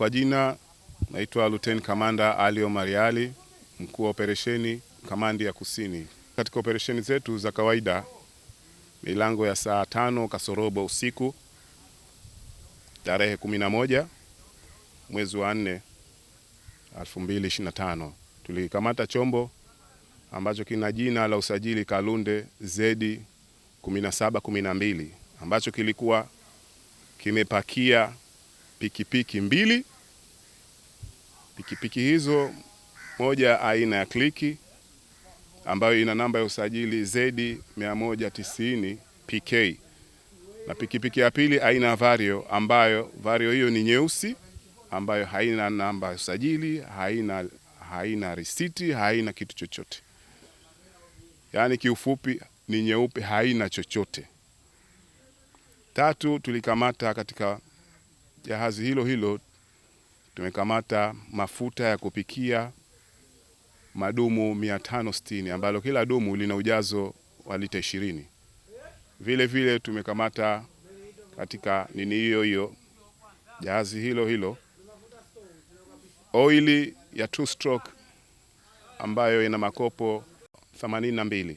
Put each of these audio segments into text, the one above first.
Kwa jina naitwa Luteni Kamanda Ali Omar Ali, mkuu wa operesheni kamandi ya Kusini. Katika operesheni zetu za kawaida, milango ya saa tano kasorobo usiku tarehe 11 mwezi wa 4 2025 tulikamata chombo ambacho kina jina la usajili Kalunde zedi 1712 ambacho kilikuwa kimepakia pikipiki mbili. Pikipiki hizo moja aina ya kliki ambayo ina namba ya usajili zedi 190 PK na pikipiki ya pili aina ya Vario ambayo Vario hiyo ni nyeusi ambayo haina namba ya usajili, haina, haina risiti, haina kitu chochote. Yaani kiufupi ni nyeupe, haina chochote. Tatu tulikamata katika jahazi hilo hilo tumekamata mafuta ya kupikia madumu 560 ambalo kila dumu lina ujazo wa lita ishirini. Vile vile tumekamata katika nini hiyo hiyo jahazi hilo hilo oili ya two stroke ambayo ina makopo 82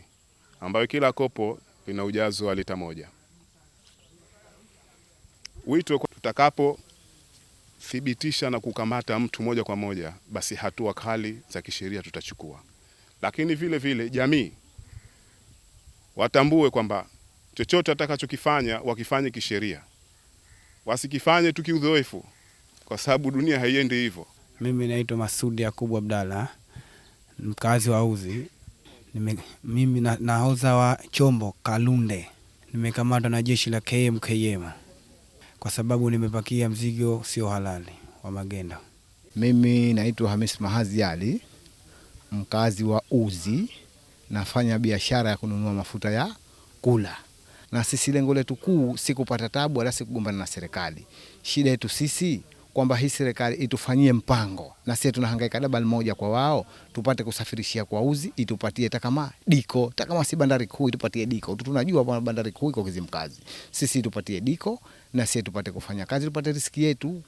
ambayo kila kopo lina ujazo wa lita moja wito tutakapo thibitisha na kukamata mtu moja kwa moja, basi hatua kali za kisheria tutachukua. Lakini vile vile jamii watambue kwamba chochote atakachokifanya wakifanye kisheria, wasikifanye tu kiudhoefu, kwa sababu dunia haiendi hivyo. Mimi naitwa Masudi Yakubu Abdalla, mkazi wa Uzi. Nime, mimi na, nahoza wa chombo Kalunde, nimekamatwa na jeshi la KMKM kwa sababu nimepakia mzigo sio halali wa magendo. Mimi naitwa Hamis Mahazi Ali, mkazi wa Uzi, nafanya biashara ya kununua mafuta ya kula, na sisi lengo letu kuu si kupata tabu wala si kugombana na serikali. Shida yetu sisi kwamba hii serikali itufanyie mpango, na sisi tunahangaika dabal moja kwa wao, tupate kusafirishia kwa uzi, itupatie takama diko takama, si bandari kuu itupatie diko. Tunajua kwamba bandari kuu iko Kizimkazi, sisi itupatie diko na sisi tupate kufanya kazi, tupate riski yetu.